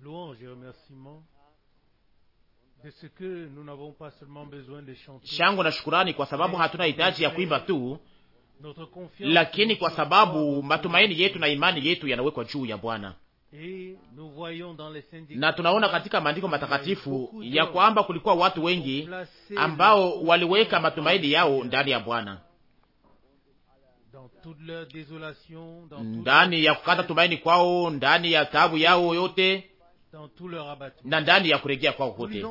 louange et remerciement de ce que nous n'avons pas seulement besoin de chanter, shangwe na shukurani kwa sababu hatuna hitaji ya kuimba tu, lakini kwa sababu matumaini yetu na imani yetu yanawekwa juu ya Bwana na tunaona katika maandiko matakatifu ya kwamba kulikuwa watu wengi ambao waliweka matumaini yao ndani ya Bwana ndani ya kukata tumaini kwao, ndani ya taabu yao yote na ndani ya kuregea kwao kote.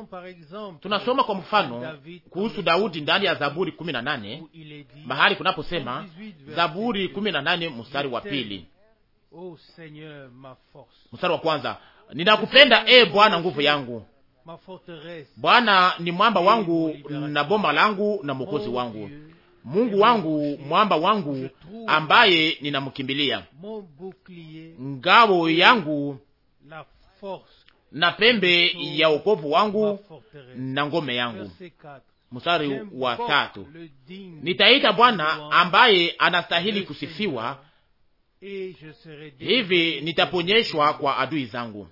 Tunasoma kwa mfano kuhusu Daudi ndani ya Zaburi kumi na nane mahali kunaposema, Zaburi kumi na nane mstari wa pili mstari wa kwanza ninakupenda e Bwana nguvu yangu, Bwana ni mwamba wangu na boma langu na mwokozi wangu Mungu wangu, mwamba wangu, ambaye ninamkimbilia, ngao yangu na pembe ya wokovu wangu na ngome yangu. Mstari wa tatu, nitaita Bwana ambaye anastahili kusifiwa, hivi nitaponyeshwa kwa adui zangu.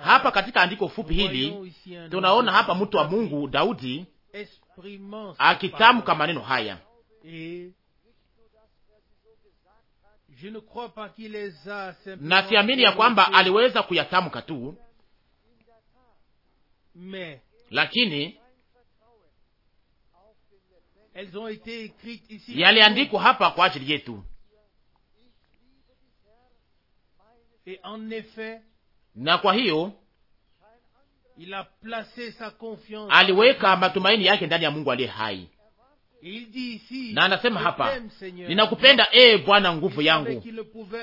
Hapa katika andiko fupi hili tunaona hapa mtu wa Mungu Daudi akitamka maneno haya na siamini ya kwamba aliweza kuyatamka tu, lakini yaliandikwa hapa kwa ajili yetu. Na kwa hiyo aliweka matumaini yake ndani ya Mungu aliye hai, na anasema hapa, ninakupenda e Bwana, nguvu yangu.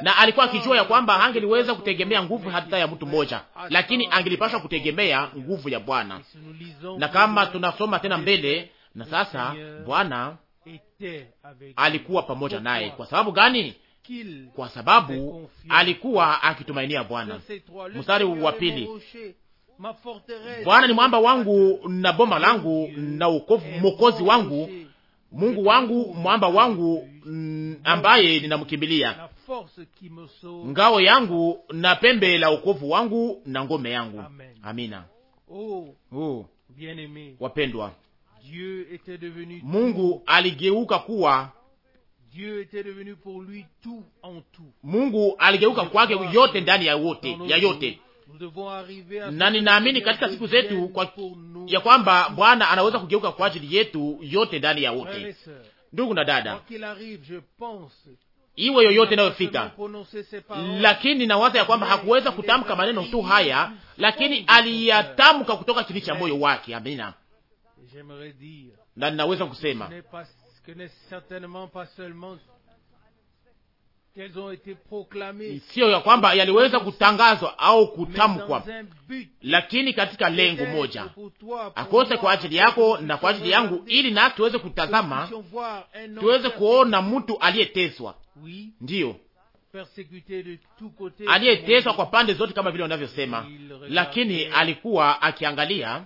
Na alikuwa akijua ya kwamba angeliweza kutegemea nguvu hata ya mtu mmoja, lakini angelipashwa kutegemea nguvu ya Bwana. Na kama tunasoma tena mbele, na sasa Bwana alikuwa pamoja naye. Kwa sababu gani? Kwa sababu alikuwa akitumainia Bwana. Mstari wa pili, Bwana ni mwamba wangu na boma langu na ukovu, eh, mokozi wangu, Mungu wangu, mwamba wangu mm, ambaye ninamkimbilia, ngao yangu na pembe la ukovu wangu na ngome yangu. Amina. Oh, oh. wapendwa, Mungu aligeuka kuwa Mungu aligeuka kwake yote ndani ya wote ya yote na ninaamini katika siku zetu kwa, ya kwamba Bwana anaweza kugeuka kwa ajili yetu yote ndani ya wote. Ndugu na dada, iwe yoyote inayofika, lakini nawaza ya kwamba hakuweza kutamka maneno tu haya, lakini aliyatamka kutoka kini cha moyo wake. Amina. Na ninaweza kusema siyo ya kwamba yaliweza kutangazwa au kutamkwa, lakini katika lengo moja, akose kwa ajili yako na kwa ajili yangu, ili na tuweze kutazama, tuweze kuona mtu aliyeteswa, ndiyo aliyeteswa kwa pande zote kama vile wanavyosema, lakini alikuwa akiangalia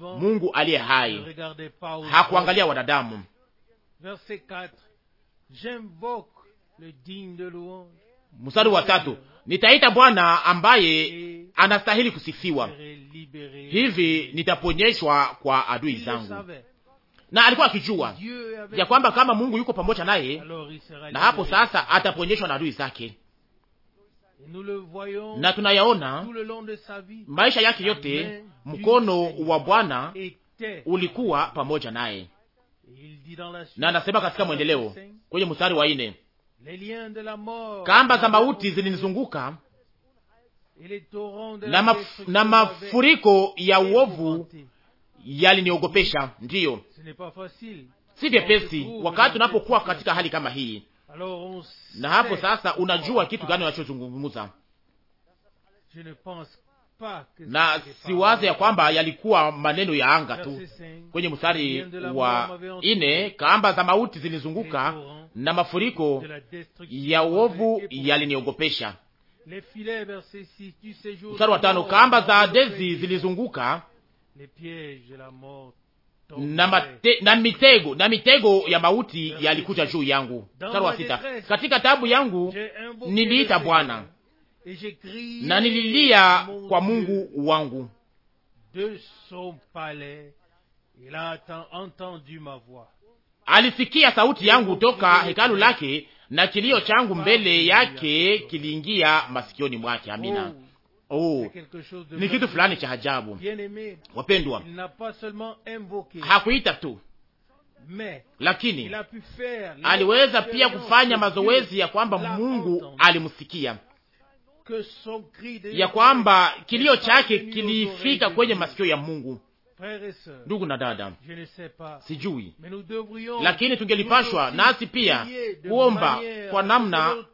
Mungu aliye hai, hakuangalia wanadamu mstari wa tatu nitaita Bwana ambaye anastahili kusifiwa, hivi nitaponyeshwa kwa adui zangu. Na alikuwa akijua ya kwamba kama Mungu yuko pamoja naye, na hapo sasa ataponyeshwa na adui zake, na tunayaona maisha yake yote, mkono wa Bwana ulikuwa pamoja naye, na anasema katika mwendeleo kwenye mstari wa kamba za mauti zilinizunguka na, maf na mafuriko ya uovu yaliniogopesha. Ndiyo, si vyepesi wakati unapokuwa katika hali kama hii, na hapo sasa unajua kitu gani unachozungumza, na si waza ya kwamba yalikuwa maneno ya anga tu. Kwenye mstari wa ine, kamba za mauti zilizunguka na mafuriko ya uovu yaliniogopesha. Mstari wa tano, kamba za adezi zilizunguka na, mate, na mitego na mitego ya mauti yalikuja juu yangu. Mstari wa sita, katika tabu yangu niliita Bwana na nililia kwa Mungu wangu de son palais, il a entendu ma voix alisikia sauti yangu toka hekalu lake na kilio changu mbele yake kiliingia masikioni mwake. Amina. Oh, oh ni kitu fulani cha ajabu wapendwa. Hakuita tu, lakini aliweza pia kufanya mazoezi ya kwamba Mungu alimsikia, ya kwamba kilio chake kilifika kwenye masikio ya Mungu Ndugu na dada, sijui, lakini tungelipashwa nasi pia kuomba kwa namna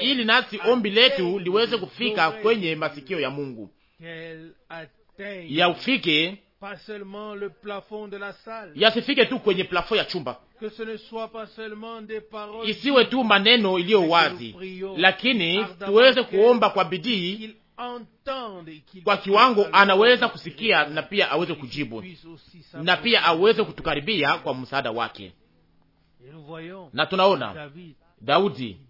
ili nasi ombi letu liweze kufika kwenye masikio ya Mungu, ya ufike yasifike tu kwenye plafo ya chumba, isiwe tu maneno iliyo wazi, lakini tuweze kuomba kwa bidii kwa kiwango anaweza kusikia na pia aweze kujibu na pia aweze kutukaribia kwa msaada wake. Na tunaona Daudi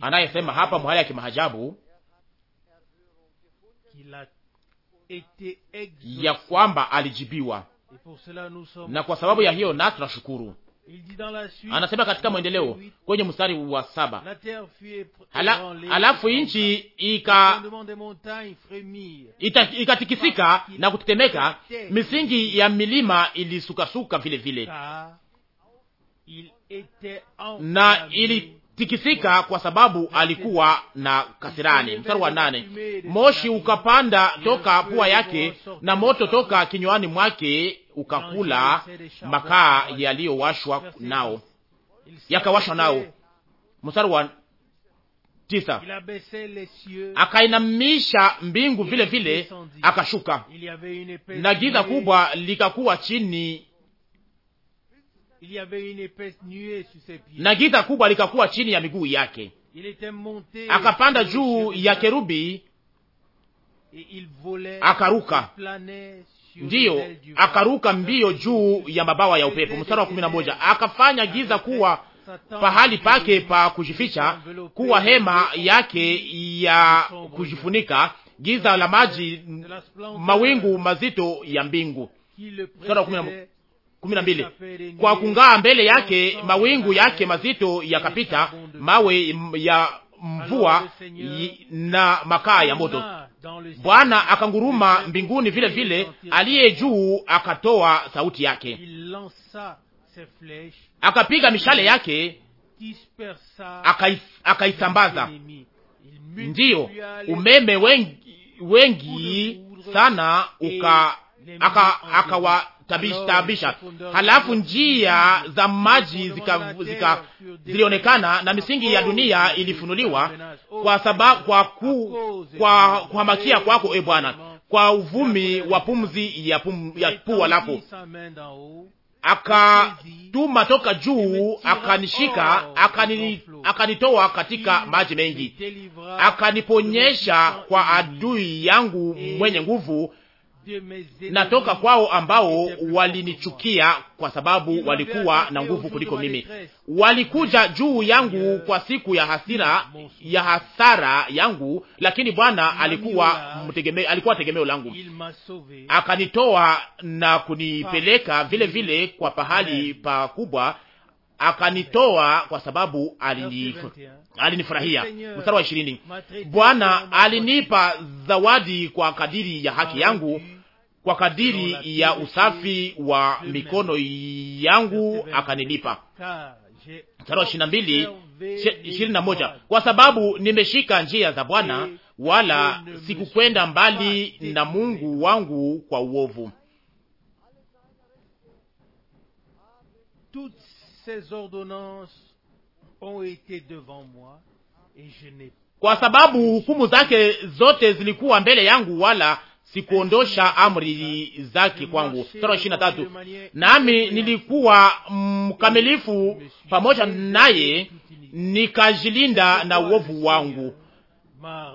anayesema hapa mahali ya kimahajabu ya kwamba alijibiwa, na kwa sababu ya hiyo na tunashukuru anasema katika mwendeleo kwenye mstari wa saba halafu nchi ikatikisika na kutetemeka, misingi ya milima ilisukasuka vile vile na ilitikisika kwa sababu alikuwa na kasirani. Mstari wa nane, moshi ukapanda toka pua yake na moto toka kinywani mwake ukakula makaa yaliyowashwa nao, yakawashwa nao. Mstari wa tisa, akainamisha mbingu vile vile akashuka, na giza kubwa likakuwa chini na giza kubwa likakuwa chini ya miguu yake. Akapanda juu ya kerubi, akaruka ndiyo akaruka mbio juu ya mabawa ya upepo. Mstari wa kumi na moja akafanya giza kuwa pahali pake pa kujificha, kuwa hema yake ya kujifunika, giza la maji, mawingu mazito ya mbingu. Mstari wa kumi na mbili kwa kung'aa mbele yake mawingu yake mazito yakapita, mawe ya mvua na makaa ya moto. Bwana akanguruma mbinguni, vile vile aliye juu akatoa sauti yake, akapiga mishale yake, akaisambaza. Ndiyo, umeme wengi, wengi sana uka tabisha Halafu njia za maji zilionekana zika, na misingi ya dunia ilifunuliwa kwa sababu kwa ku, kwa kuhamakia kwako e Bwana, kwa uvumi e wa pumzi ya, pum, ya pua lako akatuma toka juu akanishika akanitoa katika maji mengi, akaniponyesha kwa adui yangu eh. mwenye nguvu natoka kwao ambao walinichukia kwa sababu walikuwa na nguvu kuliko mimi. Walikuja juu yangu kwa siku ya hasira ya hasara yangu, lakini Bwana alikuwa mtegeme, alikuwa tegemeo langu, akanitoa na kunipeleka vile vile kwa pahali pakubwa, akanitoa kwa sababu alinifurahia. Mstari wa ishirini, Bwana alinipa zawadi kwa kadiri ya haki yangu kwa kadiri ya usafi wa mikono yangu akanilipa. ishirini na mbili ishirini na moja kwa sababu nimeshika njia za Bwana wala sikukwenda mbali na Mungu wangu kwa uovu. Kwa sababu hukumu zake zote zilikuwa mbele yangu, wala sikuondosha amri zake kwangu. Sura ishirini na tatu. Nami nilikuwa mkamilifu pamoja naye, nikajilinda na uovu wangu.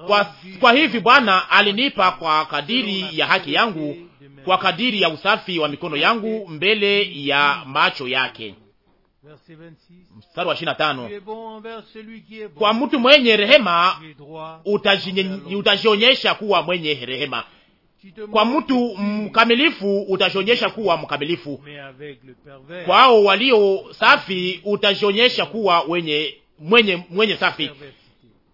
Kwa, kwa hivi Bwana alinipa kwa kadiri ya haki yangu, kwa kadiri ya usafi wa mikono yangu mbele ya macho yake. Mstari wa ishirini na tano. Kwa mtu mwenye rehema utajionyesha kuwa mwenye rehema, kwa mtu mkamilifu utajionyesha kuwa mkamilifu, kwao walio safi utajionyesha kuwa wenye mwenye mwenye safi,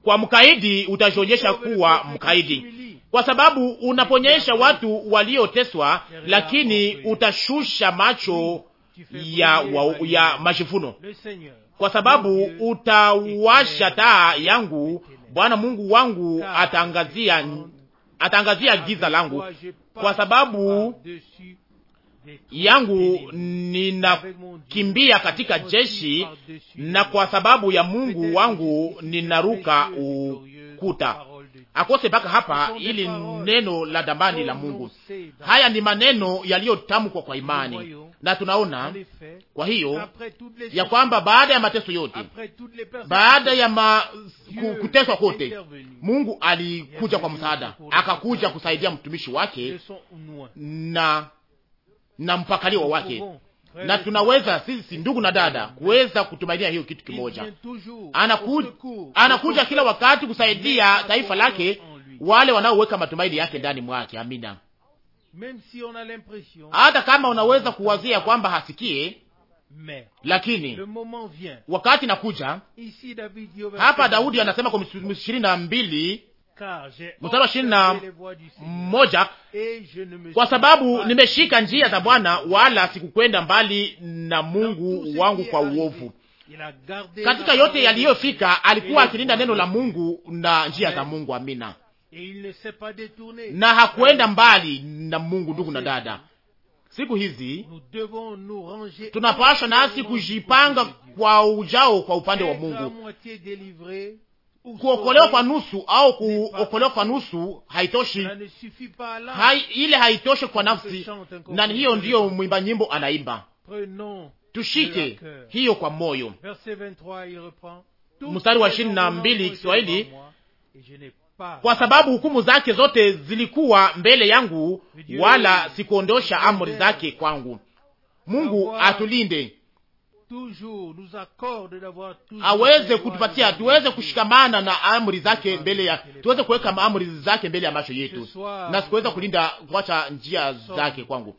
kwa mkaidi utajionyesha kuwa mkaidi, kwa sababu unaponyesha watu walioteswa, lakini utashusha macho ya, wa, ya majivuno, kwa sababu utawasha taa yangu. Bwana Mungu wangu ataangazia ataangazia giza langu, kwa sababu yangu ninakimbia katika jeshi, na kwa sababu ya Mungu wangu ninaruka ukuta. Akose mpaka hapa, ili neno la dambani la Mungu. Haya ni maneno yaliyotamkwa kwa imani na tunaona kwa hiyo ya kwamba baada ya mateso yote, baada ya ma, kuteswa kote, Mungu alikuja kwa msaada, akakuja kusaidia mtumishi wake na na mpakaliwa wake na tunaweza sisi ndugu na dada kuweza kutumainia hiyo kitu kimoja. anakuja kila wakati kusaidia taifa lake, wale wanaoweka matumaini yake ndani mwake. Amina hata kama unaweza kuwazia kwamba hasikie, lakini wakati nakuja hapa. Daudi anasema kwa ishirini na mbili mstari wa ishirini na moja kwa sababu nimeshika njia za Bwana wala sikukwenda mbali na Mungu wangu kwa uovu. Katika yote yaliyofika alikuwa akilinda neno la Mungu na njia za Mungu. Amina na hakuenda mbali na Mungu. Ndugu na dada, siku hizi tunapasha nasi kujipanga kwa ujao kwa upande wa Mungu. Kuokolewa kwa nusu au kuokolewa kwa nusu haitoshi, hai, ile haitoshi kwa nafsi, na hiyo ndiyo mwimba nyimbo anaimba. Tushike hiyo kwa moyo. Mstari wa ishirini na mbili Kiswahili kwa sababu hukumu zake zote zilikuwa mbele yangu, wala sikuondosha amri zake kwangu. Mungu atulinde aweze kutupatia tuweze kushikamana na amri zake mbele ya tuweze kuweka amri zake mbele ya macho yetu, na sikuweza kulinda kuacha njia zake kwangu.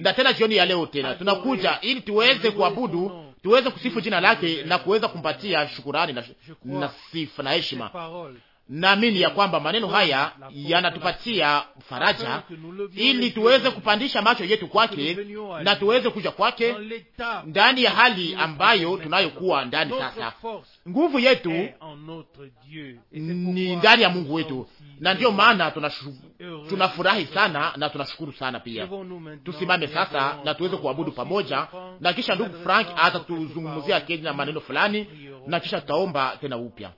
Na tena jioni ya leo tena tunakuja ili tuweze kuabudu, tuweze kusifu jina lake na kuweza kumpatia shukurani na, na sifa na heshima naamini ya kwamba maneno haya yanatupatia faraja ili tuweze kupandisha macho yetu kwake na tuweze kuja kwake ndani ya hali ambayo tunayokuwa ndani sasa. Nguvu yetu ni ndani ya Mungu wetu, na ndiyo maana tunafurahi tuna sana na tunashukuru sana pia. Tusimame sasa na tuweze kuabudu pamoja, na kisha ndugu Frank atatuzungumzia kenya maneno fulani, na kisha tutaomba tena upya.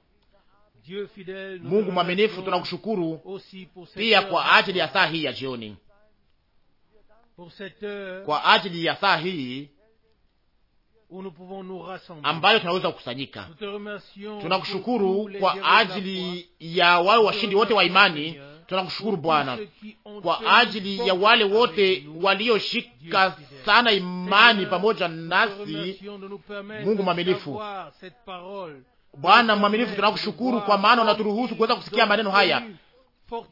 Mungu mwaminifu, tunakushukuru pia kwa ajili ya saa hii ya jioni, kwa ajili ya saa hii ambayo tunaweza kukusanyika. Tunakushukuru kwa ajili ya wale washindi wote wa imani. Tunakushukuru Bwana kwa ajili ya wale wote walioshika sana imani pamoja nasi. Mungu mwaminifu Bwana mwaminifu, tunakushukuru kwa maana unaturuhusu kuweza kusikia maneno haya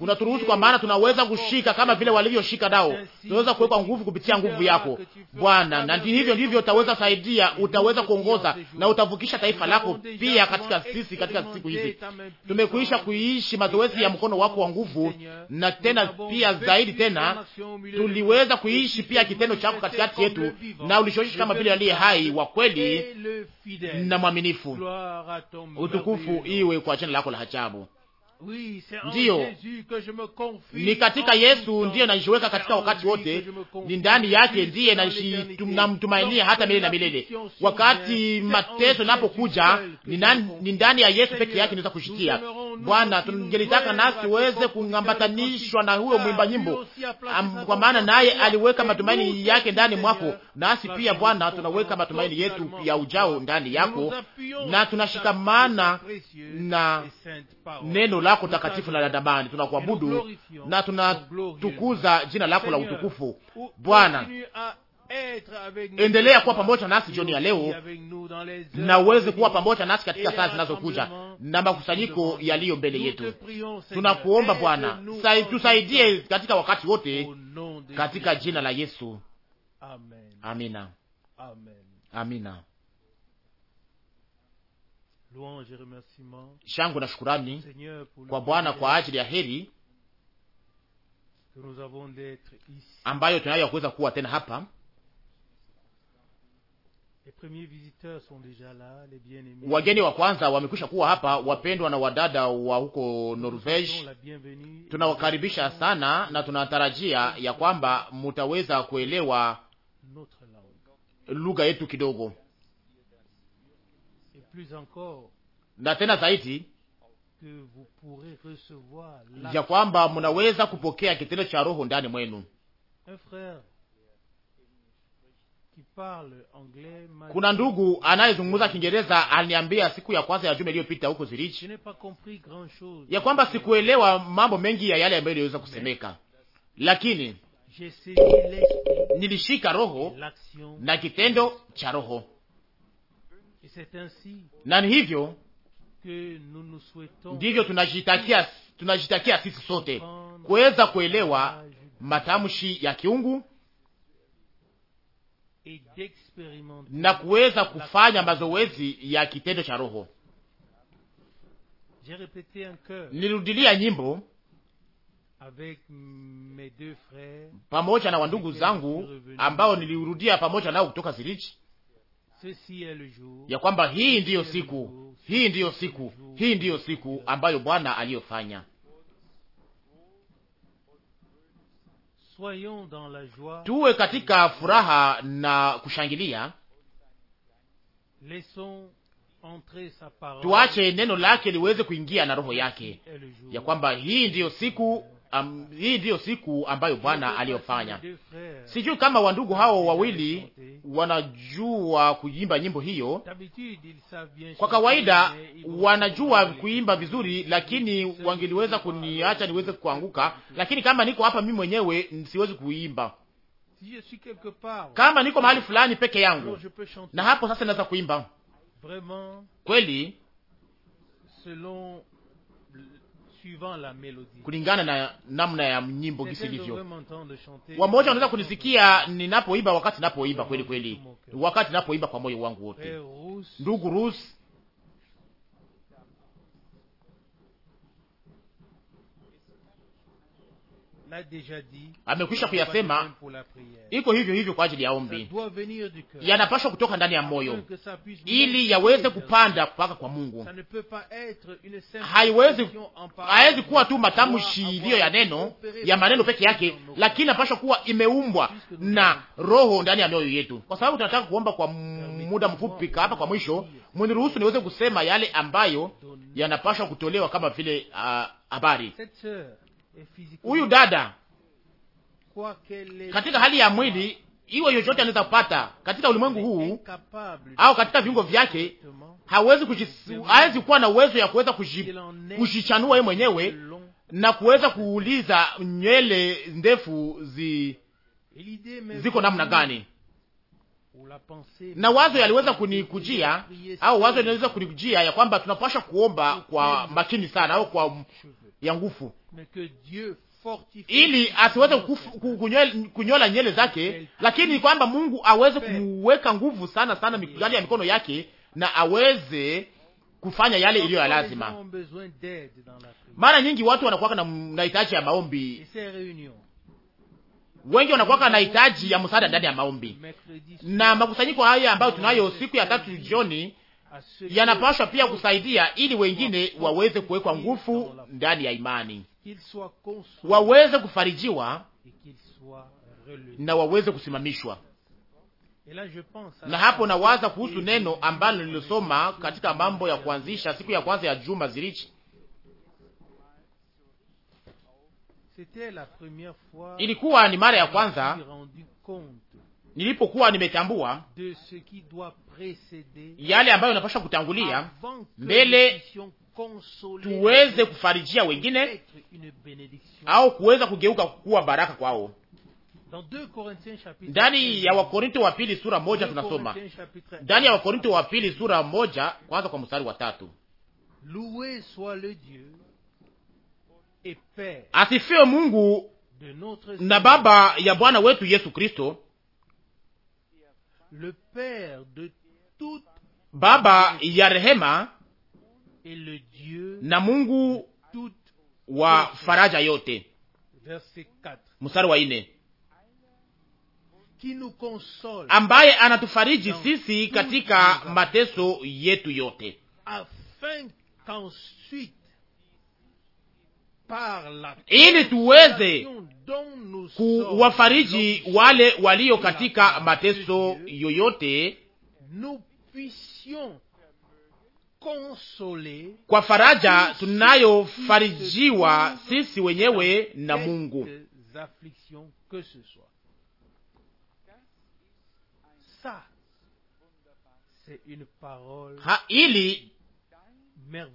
unaturuhusu, kwa maana tunaweza kushika kama vile walivyoshika dao. Tunaweza kuwekwa nguvu kupitia nguvu yako Bwana, na ndivyo ndivyo utaweza saidia, utaweza kuongoza na utavukisha taifa lako pia katika sisi, katika siku hizi tumekuisha kuishi mazoezi ya mkono wako wa nguvu, na tena pia zaidi tena tuliweza kuishi pia kitendo chako katikati yetu, na ulishoishi kama vile aliye hai wa kweli na mwaminifu. Utukufu iwe kwa jina lako la ajabu. Ndiyo, ni katika Yesu ndiyo najiweka katika wakati wote, ni ndani yake ndiye namtumainia hata milele na milele. Wakati mateso napokuja, ni ndani ya Yesu peke yake niweza kushikia. Bwana, tungelitaka nasi tuweze kuambatanishwa na huyo ah, mwimba nyimbo, kwa maana naye aliweka matumaini yake ndani mwako, nasi pia Bwana tunaweka matumaini yetu ya ujao ndani yako, na tunashikamana na neno la lako takatifu na la damani, tunakuabudu na tunatukuza jina lako la utukufu. Bwana, endelea kuwa pamoja nasi jioni ya leo, na uweze kuwa pamoja nasi katika saa zinazokuja na makusanyiko yaliyo mbele yetu. Tunakuomba Bwana, tusaidie katika wakati wote, katika jina la Yesu. Amina, amina shangu na shukurani kwa Bwana kwa ajili ya heri ambayo tunayo ya kuweza kuwa tena hapa. Wageni wa kwanza wamekwisha kuwa hapa, wapendwa na wadada wa huko Norvege, tunawakaribisha sana na tunatarajia ya kwamba mutaweza kuelewa lugha yetu kidogo na tena zaidi ya kwamba munaweza kupokea kitendo cha Roho ndani mwenu. Kuna ndugu anayezungumza Kiingereza aliniambia siku ya kwanza ya juma iliyopita huko Zurich ya kwamba sikuelewa mambo mengi ya yale ambayo iliweza kusemeka, lakini nilishika roho na kitendo cha Roho na ni hivyo ndivyo tunajitakia, tunajitakia sisi sote kuweza kuelewa matamshi ya kiungu na kuweza kufanya mazoezi ya kitendo cha Roho. Nilirudilia nyimbo pamoja na wandugu zangu ambao niliurudia pamoja nao kutoka Zirichi ya kwamba hii ndiyo siku, hii ndiyo siku, hii ndiyo siku ambayo Bwana aliyofanya. Tuwe katika furaha na kushangilia, tuache neno lake liweze kuingia na roho yake, ya kwamba hii ndiyo siku Am, hii ndiyo siku ambayo Bwana aliyofanya. Sijui kama wandugu hao wawili wanajua kuimba nyimbo hiyo. Kwa kawaida wanajua kuimba vizuri, lakini wangeliweza kuniacha niweze kuanguka. Lakini kama niko hapa mimi mwenyewe siwezi kuimba. Kama niko mahali fulani peke yangu, na hapo sasa naweza kuimba kweli kulingana na namna ya nyimbo gisi ilivyo. Wamoja wanaweza kunisikia ninapoimba, wakati napoimba kweli kweli, wakati napoimba kwa moyo wangu wote. Eh, Ndugu Rus amekwisha kuyasema, iko hivyo hivyo kwa ajili ya ombi, yanapashwa kutoka ndani ya moyo ili yaweze kupanda mpaka kwa Mungu. Haiwezi, haiwezi kuwa tu matamshi iliyo ya neno ya maneno peke yake, lakini inapashwa kuwa imeumbwa na Roho ndani ya mioyo yetu, kwa sababu tunataka kuomba kwa muda mfupi hapa kwa mwisho. Mniruhusu niweze kusema yale ambayo yanapashwa kutolewa kama vile ah, habari uh, Eh, huyu dada katika hali ya mwili iwe yoyote anaweza kupata katika ulimwengu huu au katika viungo vyake, hawezi hawezi kuwa na uwezo ya kuweza kujichanua yeye mwenyewe na kuweza kuuliza nywele ndefu zi, ziko namna gani. Na wazo yaliweza kunikujia au wazo linaweza kunikujia ya kwamba tunapasha kuomba kwa makini sana au kwa ya nguvu, ili asiweze kunyola nyele zake, lakini kwamba Mungu aweze kumuweka nguvu sana sana ndani ya mikono yake na aweze kufanya yale iliyo ya lazima. Mara nyingi watu wanakuwaka na nahitaji ya maombi, wengi wanakuwaka na hitaji ya msaada ndani ya maombi, na makusanyiko haya ambayo tunayo siku ya tatu jioni yanapashwa pia kusaidia ili wengine waweze kuwekwa nguvu ndani ya imani, waweze kufarijiwa na waweze kusimamishwa. Na hapo nawaza kuhusu neno ambalo nililosoma katika mambo ya kuanzisha siku ya kwanza ya juma zirichi. Ilikuwa ni mara ya kwanza nilipokuwa nimetambua yale ambayo inapasha kutangulia mbele tuweze kufarijia wengine au kuweza kugeuka kuwa baraka kwao. Ndani ya Wakorinto wa pili sura moja tunasoma ndani ya Wakorinto wa pili sura moja kwanza kwa mstari wa tatu asifiwe Mungu na Baba ya Bwana wetu Yesu Kristo, Baba ya rehema na Mungu wa faraja yote. Mstari wa ine ambaye anatufariji sisi katika mateso yetu yote, ili tuweze kuwafariji wale walio katika mateso yoyote kwa faraja tunayofarijiwa sisi wenyewe na Mungu. Ha, ili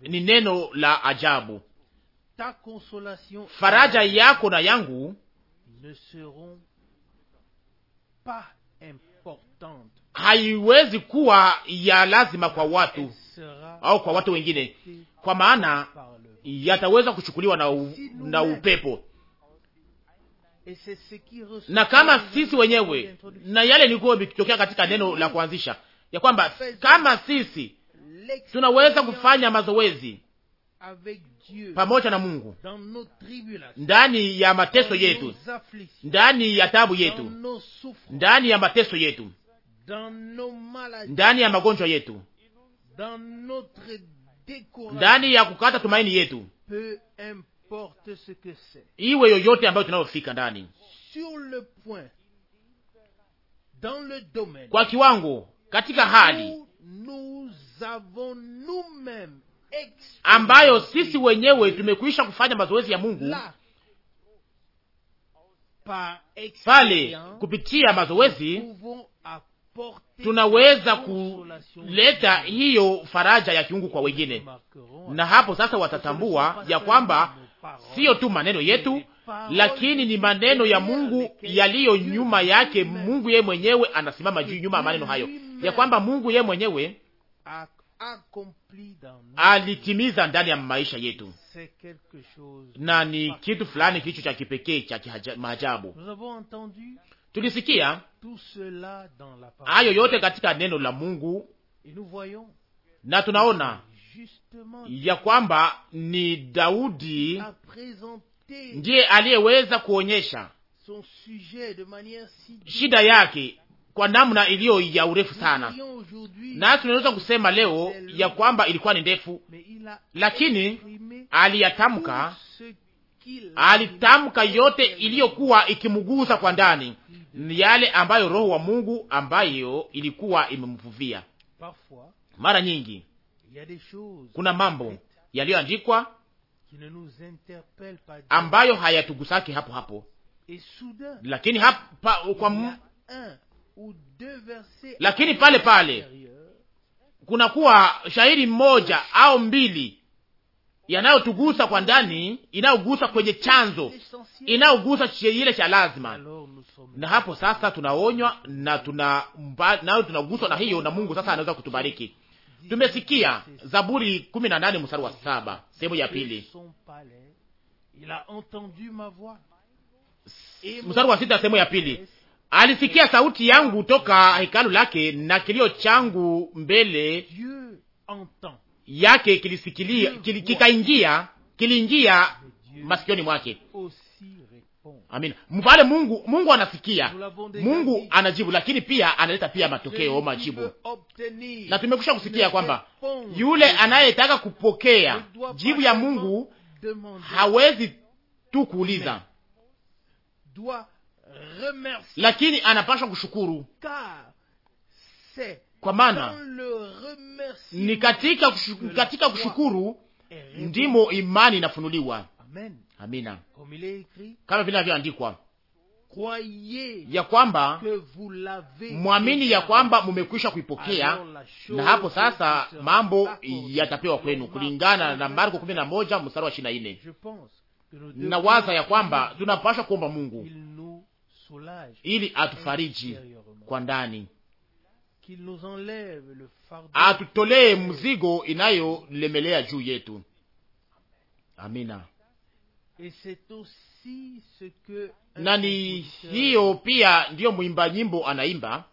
ni neno la ajabu. Faraja yako na yangu ne seront pas importantes haiwezi kuwa ya lazima kwa watu au kwa watu wengine, kwa maana yataweza kuchukuliwa na, u, na upepo na kama sisi wenyewe na yale nilikuwa ikitokea katika neno la kuanzisha ya kwamba kama sisi tunaweza kufanya mazoezi pamoja na Mungu ndani ya mateso yetu, ndani ya tabu yetu, ndani ya mateso yetu, ndani ya magonjwa yetu, ndani ya kukata tumaini yetu, iwe yoyote ambayo tunayofika ndani kwa kiwango, katika hali ambayo sisi wenyewe tumekwisha kufanya mazoezi ya Mungu pale kupitia mazoezi tunaweza kuleta hiyo faraja ya kiungu kwa wengine, na hapo sasa watatambua ya kwamba siyo tu maneno yetu, lakini ni maneno ya Mungu yaliyo nyuma yake. Mungu yeye mwenyewe anasimama juu nyuma ya maneno hayo, ya kwamba Mungu yeye mwenyewe alitimiza ndani ya maisha yetu, na ni kitu fulani kilicho cha kipekee cha maajabu. Tulisikia hayo yote katika neno la Mungu na tunaona ya kwamba ni Daudi ndiye aliyeweza kuonyesha shida yake kwa namna iliyo ya urefu sana, na tunaweza kusema leo ya kwamba ilikuwa ni ndefu, lakini aliyatamka alitamka yote iliyokuwa ikimugusa kwa ndani, ni yale ambayo Roho wa Mungu ambayo ilikuwa imemvuvia. Mara nyingi kuna mambo yaliyoandikwa ambayo hayatugusaki hapo hapo, lakini hapa kwa lakini pale pale kunakuwa shahiri mmoja au mbili yanayotugusa kwa ndani, inayogusa kwenye chanzo, inayogusa ile cha lazima. Na hapo sasa tunaonywa na tuna nayo tunaguswa na hiyo, na Mungu sasa anaweza kutubariki. Tumesikia Zaburi kumi nane mstari wa saba sehemu ya pili, mstari wa sita sehemu ya pili alisikia sauti yangu toka hekalu lake na kilio changu mbele Dieu entend yake kilisikilia, hmm. kikaingia, kiliingia masikioni mwake. Amina. Mpale Mungu, Mungu anasikia, Mungu anajibu, lakini pia analeta pia matokeo majibu, na tumekusha kusikia kwamba yule anayetaka kupokea jibu ya Mungu hawezi tu kuuliza, lakini anapaswa kushukuru kwa maana ni katika, kushu, katika kushukuru ndimo imani inafunuliwa. Amina, kama vile inavyoandikwa ya kwamba mwamini ya kwamba mumekwisha kuipokea, na hapo sasa mambo yatapewa kwenu, kulingana na Marko 11 mstari wa 24. Na waza ya kwamba tunapaswa kuomba Mungu ili atufariji kwa ndani atutolee mzigo inayolemelea juu yetu. Amina. Na ni hiyo pia ndiyo mwimba nyimbo anaimba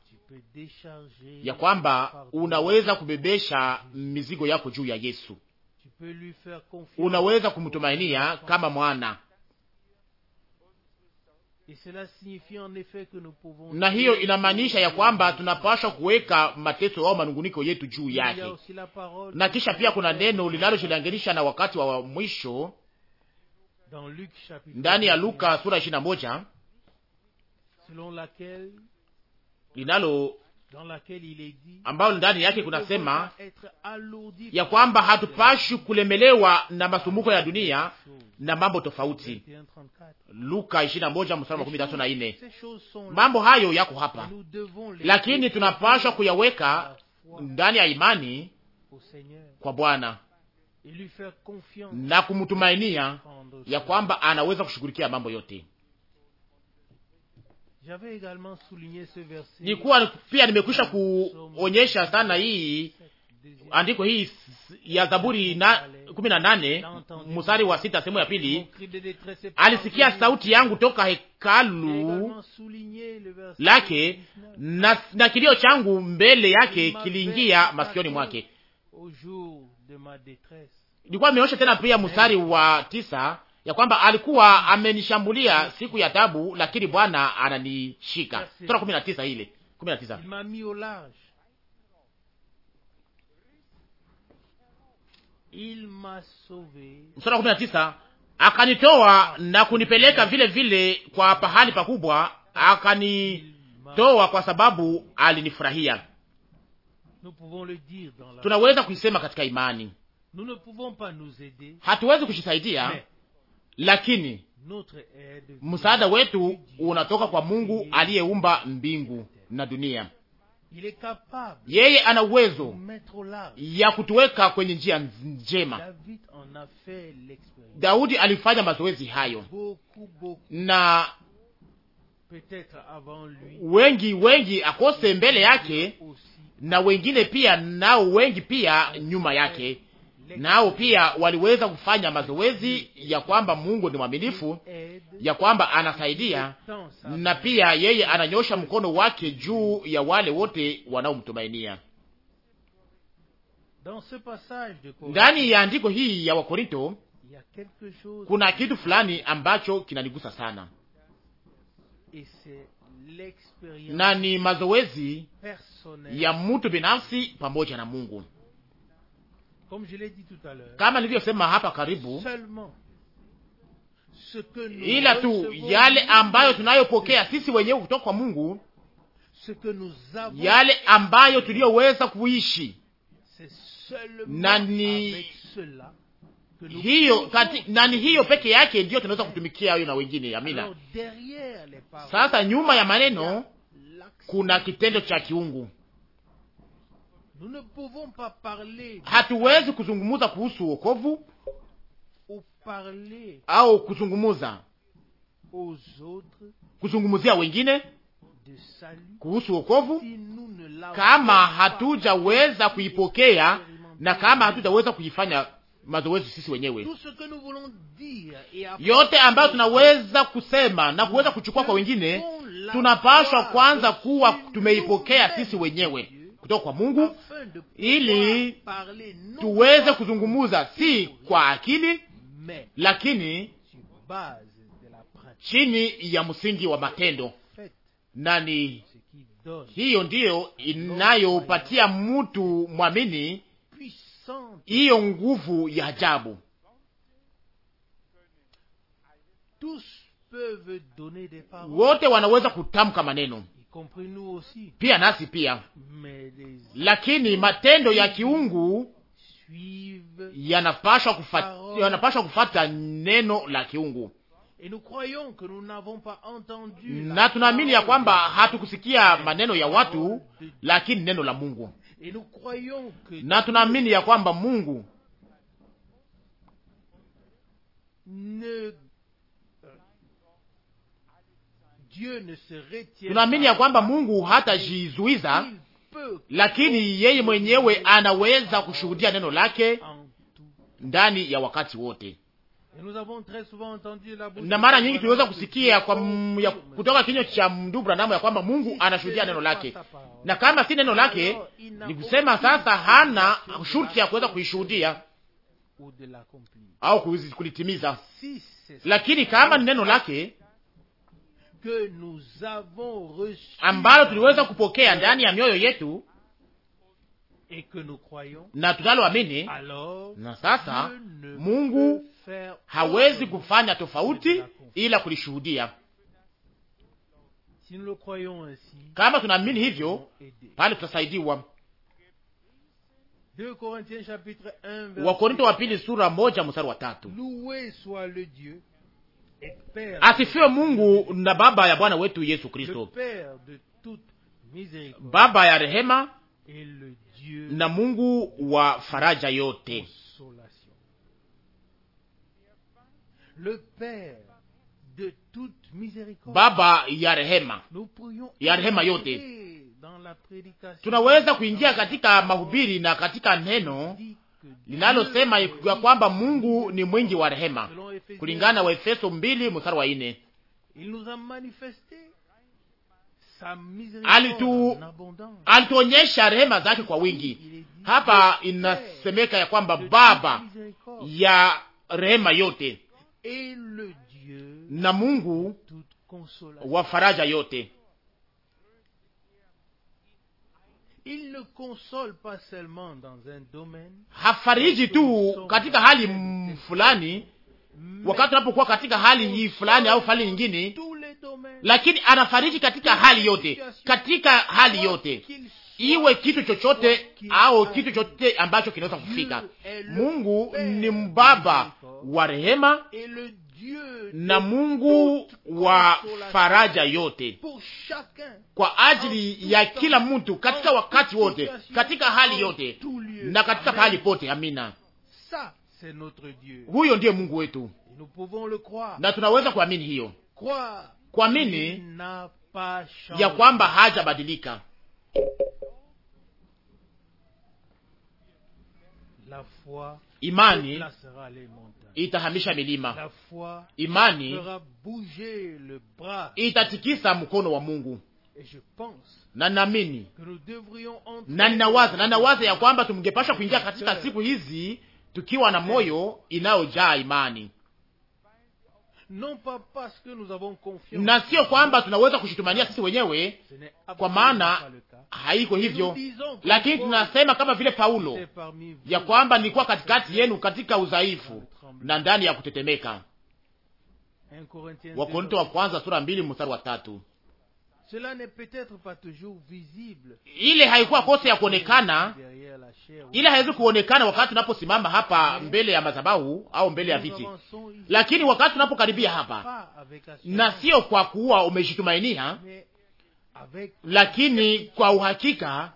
ya kwamba unaweza kubebesha mizigo yako juu ya Yesu, unaweza kumtumainia kama mwana na hiyo inamaanisha ya kwamba tunapaswa kuweka mateso au manunguniko yetu juu yake, na kisha pia kuna neno linalojilanganisha na wakati wa mwisho ndani ya Luka sura ishirini na moja linalo ambayo ndani yake kunasema ya kwamba hatupashi kulemelewa na masumbuko ya dunia na mambo tofauti. Luka 21 Mambo hayo yako hapa, lakini tunapashwa kuyaweka ndani ya imani kwa Bwana na kumtumainia ya kwamba anaweza kushughulikia mambo yote nilikuwa pia nimekwisha kuonyesha sana hii andiko hii ya Zaburi na kumi na nane mstari wa sita sehemu ya pili, alisikia sauti yangu toka hekalu lake na, na kilio changu mbele yake kiliingia masikioni mwake. Nilikuwa nimeonyesha tena pia mstari wa tisa ya kwamba alikuwa amenishambulia siku ya tabu, lakini Bwana ananishika. Sura kumi na tisa ile kumi na tisa mstari kumi na tisa akanitoa na kunipeleka vile vile kwa pahali pakubwa, akanitoa kwa sababu alinifurahia. Tunaweza kuisema katika imani, hatuwezi kujisaidia lakini msaada wetu unatoka kwa Mungu aliyeumba mbingu na dunia. Yeye ana uwezo ya kutuweka kwenye njia njema. Daudi alifanya mazoezi hayo na wengi wengi akose mbele yake na wengine pia nao wengi pia nyuma yake, nao pia waliweza kufanya mazoezi ya kwamba Mungu ni mwaminifu, ya kwamba anasaidia na pia yeye ananyosha mkono wake juu ya wale wote wanaomtumainia. Ndani ya andiko hii ya Wakorinto kuna kitu fulani ambacho kinanigusa sana na ni mazoezi ya mtu binafsi pamoja na Mungu kama nilivyosema hapa karibu, ila tu yale ambayo tunayopokea sisi wenyewe kutoka kwa Mungu, yale ambayo tuliyoweza kuishi na ni hiyo kati, na ni hiyo peke yake ndiyo tunaweza kutumikia hayo na wengine. Amina. Sasa nyuma ya maneno kuna kitendo cha kiungu hatuwezi kuzungumuza kuhusu wokovu au kuzungumuza kuzungumuzia wengine kuhusu wokovu kama hatujaweza kuipokea na kama hatujaweza kuifanya mazoezi sisi wenyewe. Yote ambayo tunaweza kusema na kuweza kuchukua kwa wengine, tunapaswa kwanza kuwa tumeipokea sisi wenyewe, kutoka kwa Mungu ili tuweze kuzungumuza si kwa akili, lakini chini ya msingi wa matendo nani. Hiyo ndiyo inayopatia mtu mwamini hiyo nguvu ya ajabu. Wote wanaweza kutamka maneno pia nasi pia, lakini matendo ya kiungu yanapashwa kufata, yanapashwa kufata neno la kiungu. Na tunaamini ya kwamba hatukusikia maneno ya watu, lakini neno la Mungu, na tunaamini ya kwamba Mungu tunaamini ya kwamba Mungu hatajizuiza, lakini yeye mwenyewe anaweza kushuhudia neno lake ndani ya wakati wote. Na mara nyingi tuliweza kusikia kwa ya kutoka kinywa cha ndugu Branham ya kwamba Mungu anashuhudia neno lake, na kama si neno lake, ni kusema sasa hana shurti ya kuweza kuishuhudia au kulitimiza, lakini kama ni neno lake ambalo tuliweza kupokea ndani ya mioyo yetu na tunaloamini. Na sasa Mungu hawezi kufanya tofauti ila kulishuhudia. Kama tunaamini hivyo, pale tutasaidiwa. Wakorinto wa pili sura moja mstari wa tatu. Asifiwe Mungu na Baba ya Bwana wetu Yesu Kristo, Baba ya rehema na Mungu wa faraja yote, Baba ya rehema ya rehema yote. Tunaweza kuingia katika mahubiri na katika neno linalosema ya kwamba Mungu ni mwingi wa rehema, kulingana na Efeso mbili mstari wa nne. Alitu alituonyesha rehema zake kwa wingi. Hapa inasemeka ya kwamba baba ya rehema yote na Mungu wa faraja yote Il ne console pas seulement dans un domaine, hafariji tu katika hali fulani, wakati unapokuwa katika hali hii fulani au hali nyingine, lakini anafariji katika hali yote, katika hali yote, iwe kitu chochote au kitu chochote ambacho kinaweza kufika. Mungu ni mbaba wa rehema na Mungu wa faraja yote kwa ajili ya kila mtu katika wakati wote, katika hali yote na katika pahali pote. Amina. Huyo ndiye Mungu wetu na tunaweza kuamini hiyo, kuamini ya kwamba hajabadilika. Imani itahamisha milima. Imani itatikisa mkono wa Mungu. Na naamini na ninawaza na ninawaza ya kwamba tumgepashwa kuingia katika siku hizi tukiwa na moyo inayojaa imani na sio kwamba tunaweza kushitumania sisi wenyewe, kwa maana haiko hivyo, lakini tunasema kama vile Paulo ya kwamba nilikuwa katikati yenu katika udhaifu na ndani ya kutetemeka. Wakorinto wa kwanza sura mbili mstari wa tatu ile haikuwa kosa ya kuonekana, ile haiwezi kuonekana wakati tunaposimama hapa mbele ya madhabahu au mbele ya viti, lakini wakati tunapokaribia hapa, na sio kwa kuwa umejitumainia, lakini kwa uhakika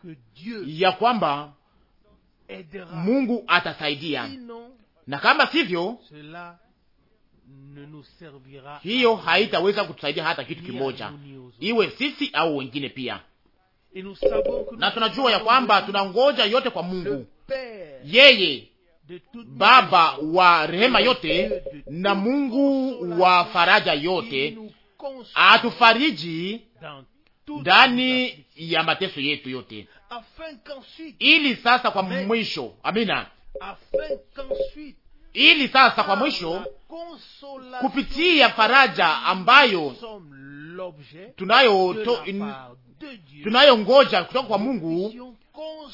ya kwamba Mungu atasaidia, na kama sivyo hiyo haitaweza kutusaidia hata kitu kimoja, iwe sisi au wengine pia. Na tunajua ya kwamba tunangoja yote kwa Mungu, yeye Baba wa rehema yote na Mungu wa faraja yote, atufariji ndani ya mateso yetu yote, ili sasa kwa mwisho, amina, ili sasa kwa mwisho kupitia faraja ambayo tunayo to, in, tunayongoja kutoka kwa Mungu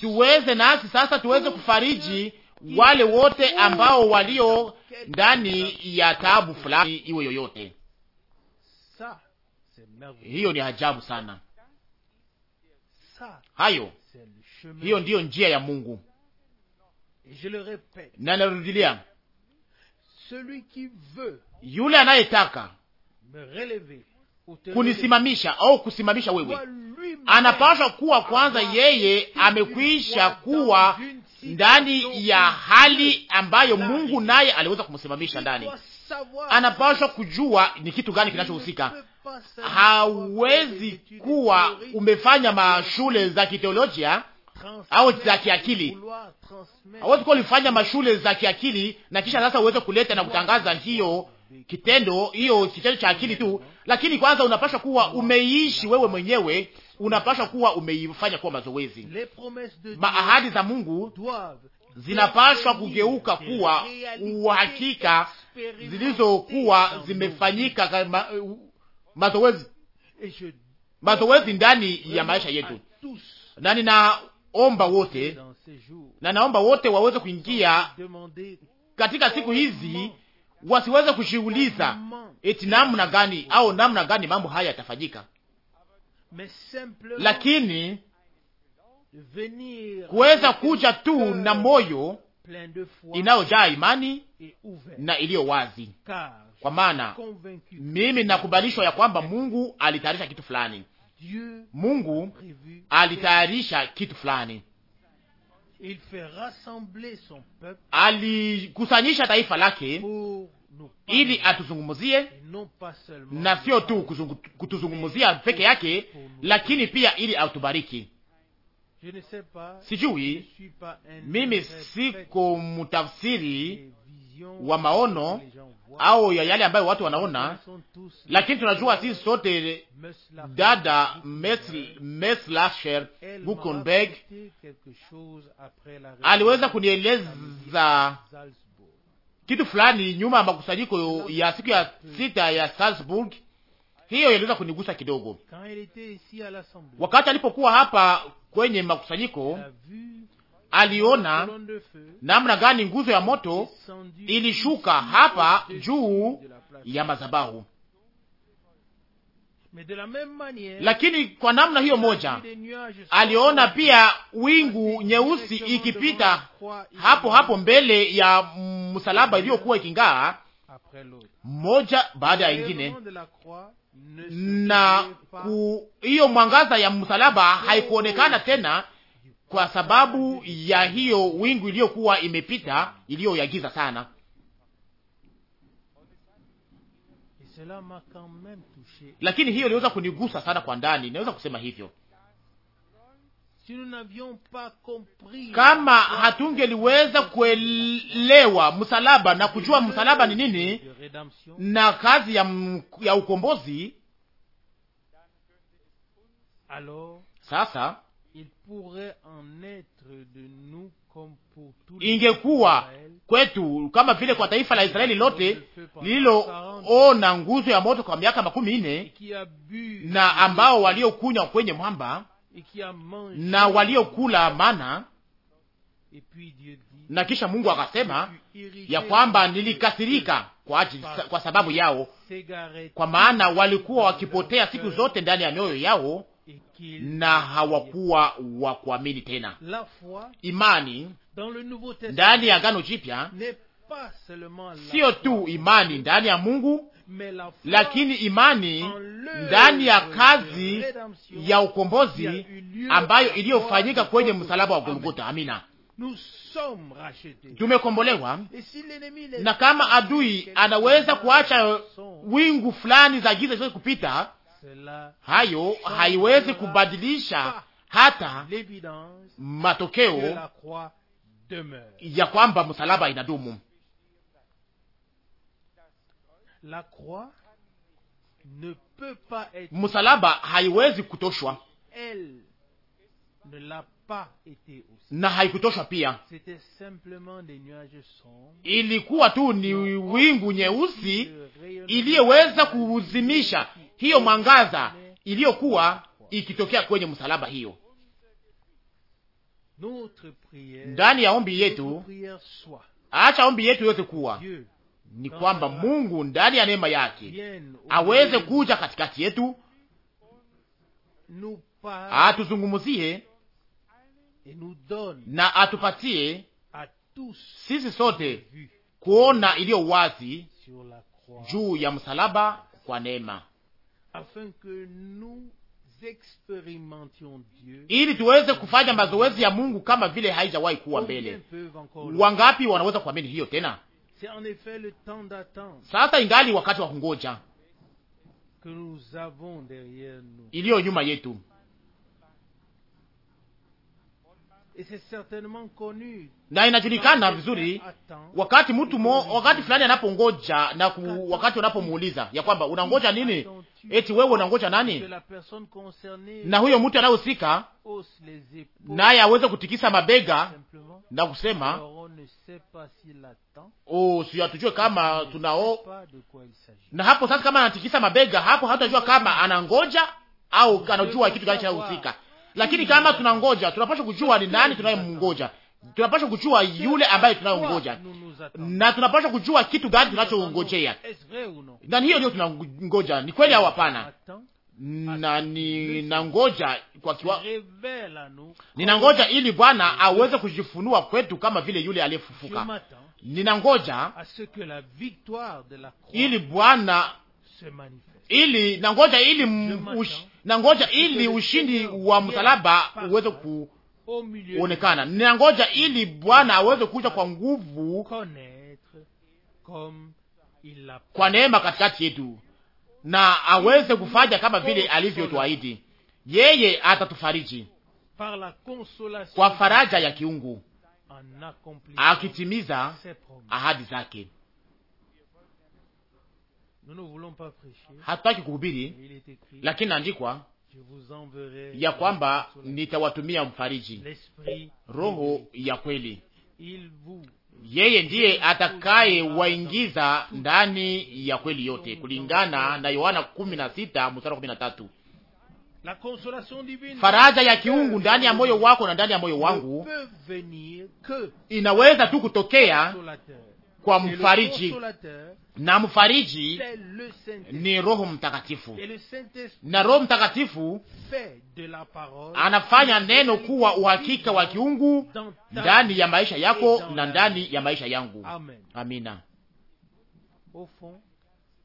tuweze nasi sasa tuweze kufariji wale wote ambao walio ndani ya taabu fulani iwe yoyote. Hiyo ni ajabu sana. Hayo hiyo ndiyo njia ya Mungu, na narudilia yule anayetaka kunisimamisha au kusimamisha wewe, anapaswa kuwa kwanza, yeye amekwisha kuwa ndani ya hali ambayo Mungu naye aliweza kumsimamisha ndani. Anapaswa kujua ni kitu gani kinachohusika. Hawezi kuwa umefanya mashule za kiteolojia au za kiakili. Hawezi kuwa ulifanya mashule za kiakili na kisha sasa uweze kuleta na kutangaza hiyo kitendo, hiyo kitendo cha akili tu, lakini kwanza unapaswa kuwa umeishi wewe mwenyewe, unapaswa kuwa umeifanya kuwa mazoezi. Maahadi za Mungu zinapaswa kugeuka kuwa uhakika zilizokuwa zimefanyika kama mazoezi, mazoezi ndani ya maisha yetu na nina omba wote na naomba wote waweze kuingia katika siku hizi, wasiweze kushughuliza eti namna gani au namna gani mambo haya yatafanyika, lakini kuweza kuja tu na moyo inayojaa imani na iliyo wazi, kwa maana mimi nakubalishwa ya kwamba Mungu alitayarisha kitu fulani Mungu alitayarisha kitu fulani, alikusanyisha taifa lake ili atuzungumuzie na sio tu kutuzungumuzia peke yake, lakini pia ili atubariki. Sijui mimi siko mtafsiri wa maono au ya yale ambayo watu wanaona, lakini tunajua sisi sote dada Meslasher Gukenberg aliweza kunieleza kitu fulani nyuma ya makusanyiko ya siku ya sita ya Salzburg. Hiyo iliweza kunigusa kidogo wakati alipokuwa hapa kwenye makusanyiko aliona namna gani nguzo ya moto ilishuka hapa juu ya madhabahu. Lakini kwa namna hiyo moja aliona pia wingu nyeusi ikipita hapo hapo mbele ya msalaba iliyokuwa iking'aa moja baada ya ingine, na hiyo mwangaza ya msalaba haikuonekana tena kwa sababu ya hiyo wingu iliyokuwa imepita iliyoyagiza sana, lakini hiyo iliweza kunigusa sana kwa ndani, naweza kusema hivyo. Kama hatungeliweza kuelewa msalaba na kujua msalaba ni nini na kazi ya, ya ukombozi sasa ingekuwa kwetu kama vile kwa taifa la Israeli lote lililoona nguzo ya moto kwa miaka makumi nne na ambao waliokunywa kwenye mwamba na waliokula mana, na kisha Mungu akasema ya kwamba nilikasirika kwa ajili, kwa sababu yao, kwa maana walikuwa wakipotea siku zote ndani ya mioyo yao na hawakuwa wa kuamini tena. Imani ndani ya gano Jipya siyo tu imani ndani ya Mungu, lakini imani ndani ya kazi ya ukombozi ambayo iliyofanyika kwenye msalaba wa Golgota. Amina. Tumekombolewa, na kama adui anaweza kuacha wingu fulani za giza ziweze kupita hayo haiwezi kubadilisha hata matokeo ya kwamba msalaba inadumu. Msalaba haiwezi kutoshwa, na haikutoshwa pia, ilikuwa tu ni wingu nyeusi iliyeweza kuuzimisha hiyo mwangaza iliyokuwa ikitokea kwenye msalaba hiyo. Ndani ya ombi yetu, acha ombi yetu yote kuwa ni kwamba Mungu ndani ya neema yake aweze kuja katikati yetu atuzungumuzie na atupatie sisi sote kuona iliyo wazi juu ya msalaba kwa neema, ili tuweze kufanya mazoezi ya Mungu kama vile haijawahi kuwa mbele. Wangapi wanaweza kuamini hiyo tena? Sasa ingali wakati wa kungoja iliyo nyuma yetu. na inajulikana vizuri wakati mtu mo, wakati fulani anapongoja na ku, wakati unapomuuliza ya kwamba unangoja nini, eti wewe unangoja nani, na huyo mtu anayehusika naye aweze kutikisa mabega na kusema oh, si hatujue kama tunao. Na hapo sasa, kama anatikisa mabega hapo, hatajua kama anangoja au anajua kitu gani lakini kama tunangoja, tunapaswa kujua ni nani tunayemngoja, tunapaswa kujua yule ambaye tunayongoja, na tunapaswa kujua kitu gani tunachongojea. Na hiyo ndio tunangoja, ni kweli au hapana? na ninangoja kwa kiwa... ninangoja ili Bwana aweze kujifunua kwetu kama vile yule aliyefufuka. Ninangoja ili Bwana ili nangoja ili na ngoja ili ushindi wa msalaba uweze kuonekana, na ngoja ili Bwana aweze kuja kwa nguvu, kwa neema katikati yetu, na aweze kufanya kama vile alivyotuahidi. Yeye atatufariji kwa faraja ya kiungu, akitimiza ahadi zake hataki kuhubiri, lakini naandikwa ya kwamba nitawatumia mfariji, roho ya kweli. Yeye ndiye atakaye waingiza ndani ya kweli yote, kulingana na Yohana 16 mstari 13. Faraja ya kiungu ndani ya moyo wako na ndani ya moyo wangu inaweza tu kutokea kwa mfariji na mfariji ni Roho Mtakatifu, na Roho Mtakatifu anafanya neno kuwa uhakika wa kiungu ndani ya maisha yako na ndani ya maisha yangu. Amina.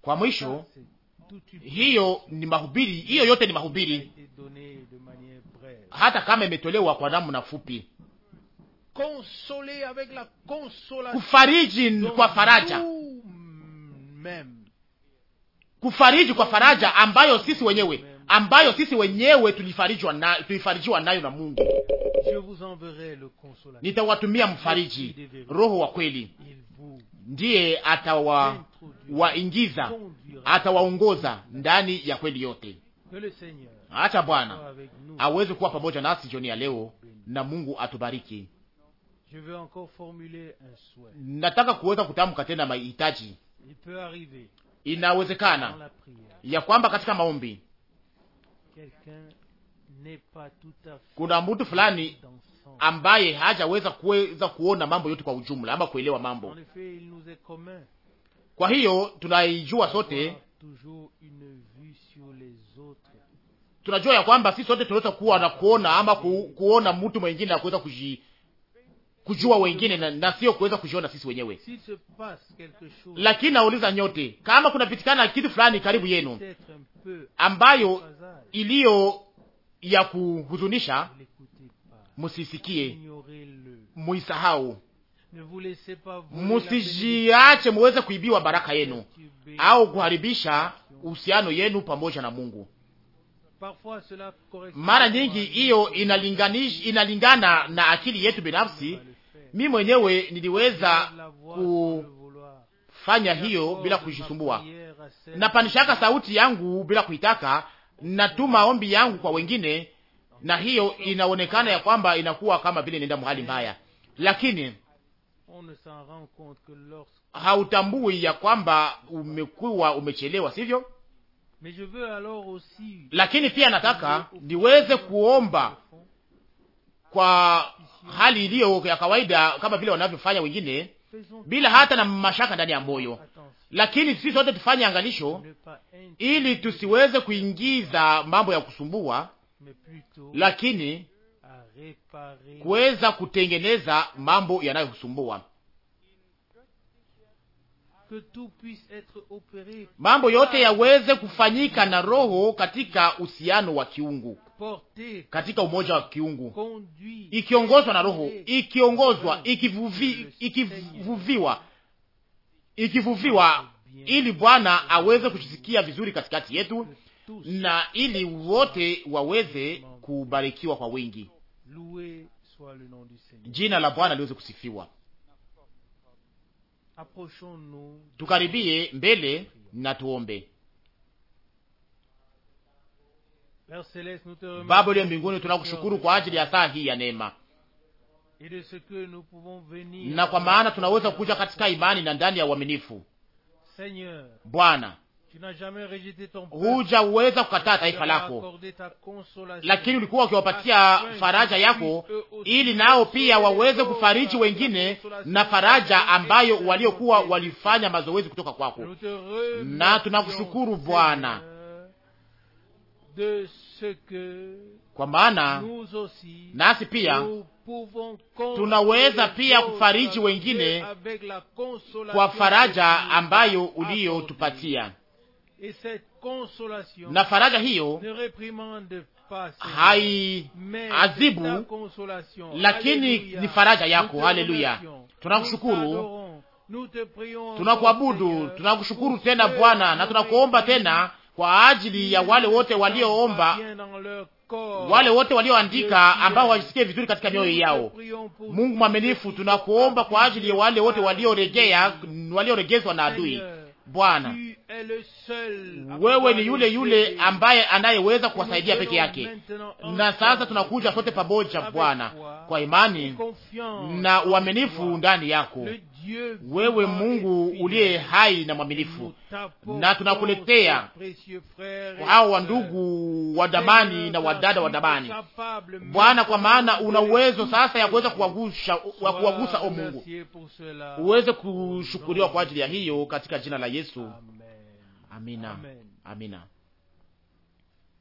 Kwa mwisho, hiyo ni mahubiri, hiyo yote ni mahubiri, hata kama imetolewa kwa namna fupi kufariji kwa faraja, kufariji kwa faraja ambayo sisi wenyewe ambayo sisi wenyewe tulifarijiwa na, tulifarijiwa nayo na Mungu. Nitawatumia mfariji, Roho wa kweli ndiye atawaingiza atawaongoza ndani ya kweli yote. Acha Bwana aweze kuwa pamoja nasi jioni ya leo, na Mungu atubariki. Je veux encore formuler un souhait. Nataka kuweza kutamka tena mahitaji. Il peut arriver. Inawezekana ya kwamba katika maombi kuna mtu fulani ambaye hajaweza kuweza kuona mambo yote kwa ujumla ama kuelewa mambo. Kwa hiyo tunaijua sote, tunajua ya kwamba si sote tunaweza kuwa na kuona ama ku, kuona mtu mwengine na kuweza kuji kujua wengine na, na sio kuweza kujiona sisi wenyewe. Lakini nauliza nyote, kama kunapitikana kitu fulani karibu yenu ambayo iliyo ya kuhuzunisha, musisikie, muisahau, musijiache muweze kuibiwa baraka yenu au kuharibisha uhusiano yenu pamoja na Mungu. Mara nyingi hiyo inalingana na akili yetu binafsi mi mwenyewe niliweza kufanya hiyo bila kujisumbua. Napanishaka sauti yangu bila kuitaka, natuma ombi yangu kwa wengine, na hiyo inaonekana ya kwamba inakuwa kama vile nenda mahali mbaya, lakini hautambui ya kwamba umekuwa umechelewa, sivyo? Lakini pia nataka niweze kuomba kwa hali iliyo ya kawaida kama vile wanavyofanya wengine bila hata na mashaka ndani ya moyo. Lakini sisi sote tufanye angalisho, ili tusiweze kuingiza mambo ya kusumbua, lakini kuweza kutengeneza mambo yanayokusumbua. Mambo yote yaweze kufanyika na Roho katika uhusiano wa kiungu katika umoja wa kiungu, ikiongozwa na Roho, ikiongozwa, ikivuviwa, ikivuviwa, ili Bwana aweze kuchisikia vizuri katikati yetu na ili wote waweze kubarikiwa kwa wingi. Jina la Bwana liweze kusifiwa. Tukaribie mbele na tuombe. Baba uliye mbinguni, tunakushukuru kwa ajili ya saa hii ya neema na kwa maana tunaweza kuja katika imani na ndani ya uaminifu. Bwana, hujaweza kukataa taifa lako, lakini ulikuwa ukiwapatia faraja yako ili nao pia waweze kufariji wengine na faraja ambayo waliokuwa walifanya mazoezi kutoka kwako, na tunakushukuru Bwana kwa maana nasi pia tunaweza pia kufariji wengine kwa faraja ambayo uliyotupatia, na faraja hiyo haiazibu, lakini ni faraja yako. Haleluya, tunakushukuru, tunakuabudu, tunakushukuru tena Bwana, na tunakuomba tena kwa ajili ya wale wote walioomba, wale wote walioandika, ambao wajisikie vizuri katika mioyo yao. Mungu mwaminifu, tunakuomba kwa ajili ya wale wote walioregea, walioregezwa na adui. Bwana, wewe ni yule yule ambaye anayeweza kuwasaidia peke yake, na sasa tunakuja sote pamoja Bwana, kwa imani na uaminifu ndani yako wewe Mungu uliye hai na mwaminifu, na tunakuletea hao wandugu wa damani na wadada wa damani, Bwana, kwa maana una uwezo sasa ya kuweza kuwagusha wa kuwagusa, o Mungu, uweze kushukuriwa kwa ajili ya hiyo, katika jina la Yesu, amina, amina.